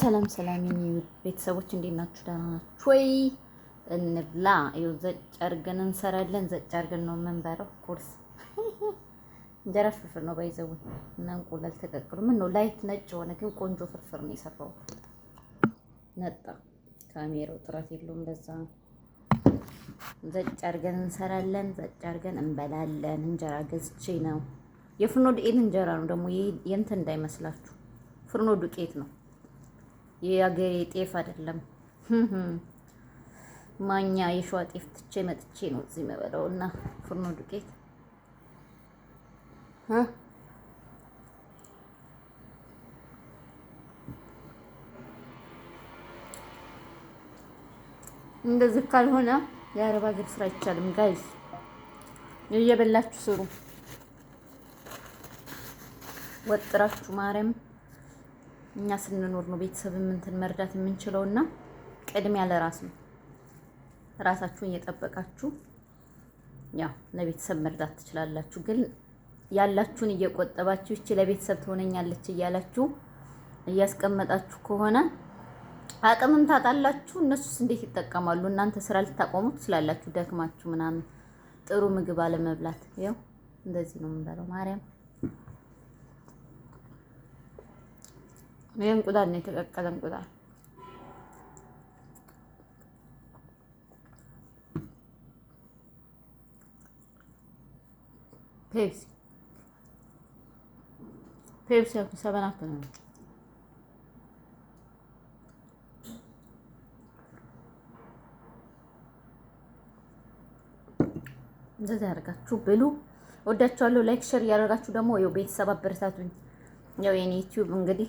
ሰላም ሰላም ቤተሰቦች እንዴት ናችሁ? ደህና ናችሁ ወይ? እንብላ። ይኸው ዘጭ አድርገን እንሰራለን። ዘጭ አድርገን ነው የምንበላው። ቁርስ እንጀራ ፍርፍር ነው ባይዘው እና እንቁላል ተቀቅሎ ምን ነው ላይት ነጭ የሆነ ግን ቆንጆ ፍርፍር ነው የሰራው ነጣ ካሜራው ጥራት የለውም። በዛ ዘጭ አድርገን እንሰራለን። ዘጭ አድርገን እንበላለን። እንጀራ ገዝቼ ነው የፍርኖ ዱቄት እንጀራ ነው ደግሞ ይሄ የእንትን እንዳይመስላችሁ ፍርኖ ዱቄት ነው። የአገሬ ጤፍ አይደለም ማኛ የሸዋ ጤፍ ትቼ መጥቼ ነው እዚህ መበለው እና ፍርኖ ዱቄት እንደዚህ ካልሆነ የአረብ ሀገር ስራ አይቻልም። ጋይዝ እየበላችሁ ስሩ ወጥራችሁ ማርያም እኛ ስንኖር ነው ቤተሰብ እንትን መርዳት የምንችለው እና ቅድሚያ ለራስ ነው። ራሳችሁን እየጠበቃችሁ ያው ለቤተሰብ መርዳት ትችላላችሁ። ግን ያላችሁን እየቆጠባችሁ እቺ ለቤተሰብ ትሆነኛለች እያላችሁ እያስቀመጣችሁ ከሆነ አቅምም ታጣላችሁ። እነሱስ እንዴት ይጠቀማሉ? እናንተ ስራ ልታቆሙ ትችላላችሁ፣ ደክማችሁ ምናምን ጥሩ ምግብ አለመብላት። ያው እንደዚህ ነው የምንበለው ማርያም ይህ እንቁላል ነው፣ የተቀቀለ እንቁላል ፔፕሲ ፔፕሲ ሰበን አፕ ነው። እንደዚህ ያደርጋችሁ ብሉ። ወዳችኋለሁ። ላይክ ሸር እያደረጋችሁ ደግሞ ቤተሰብ አበረታቱኝ። ያው የኔ ዩቲዩብ እንግዲህ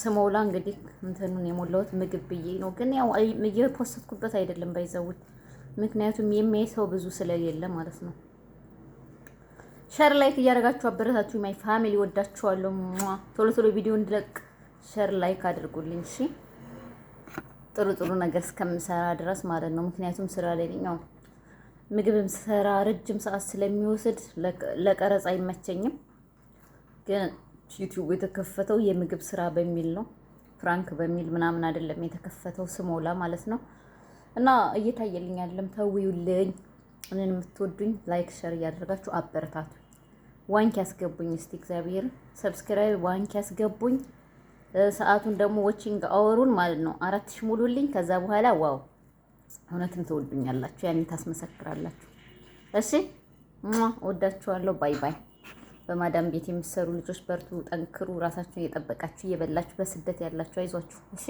ስሞላ እንግዲህ እንትኑን የሞላሁት ምግብ ብዬ ነው። ግን ያው እየፖስትኩበት አይደለም ባይዘውት፣ ምክንያቱም የሚያይ ሰው ብዙ ስለሌለ ማለት ነው። ሸር ላይክ እያደረጋችሁ አበረታችሁ። ማይ ፋሚሊ ወዳችኋለሁ። ቶሎ ቶሎ ቪዲዮ እንድለቅ ሸር ላይክ አድርጉልኝ። እሺ ጥሩ ጥሩ ነገር እስከምሰራ ድረስ ማለት ነው። ምክንያቱም ስራ ላይ ነው ምግብም ስራ ረጅም ሰዓት ስለሚወስድ ለቀረጽ አይመቸኝም ግን ዩቲዩብ የተከፈተው የምግብ ስራ በሚል ነው፣ ፍራንክ በሚል ምናምን አይደለም የተከፈተው ስሞላ ማለት ነው። እና እየታየልኝ አይደለም፣ ተውዩልኝ። እኔን የምትወዱኝ ላይክ፣ ሸር እያደረጋችሁ አበረታቱ። ዋንኪ ያስገቡኝ እስቲ እግዚአብሔር ሰብስክራይብ ዋንኪ ያስገቡኝ። ሰዓቱን ደግሞ ዎቺንግ አወሩን ማለት ነው አራት ሽ ሙሉልኝ። ከዛ በኋላ ዋው እውነትም ትወዱኛላችሁ፣ ያኔ ታስመሰክራላችሁ። እሺ ወዳችኋለሁ። ባይ ባይ በማዳም ቤት የሚሰሩ ልጆች በርቱ፣ ጠንክሩ። ራሳችሁን እየጠበቃችሁ እየበላችሁ በስደት ያላችሁ አይዟችሁ እሺ።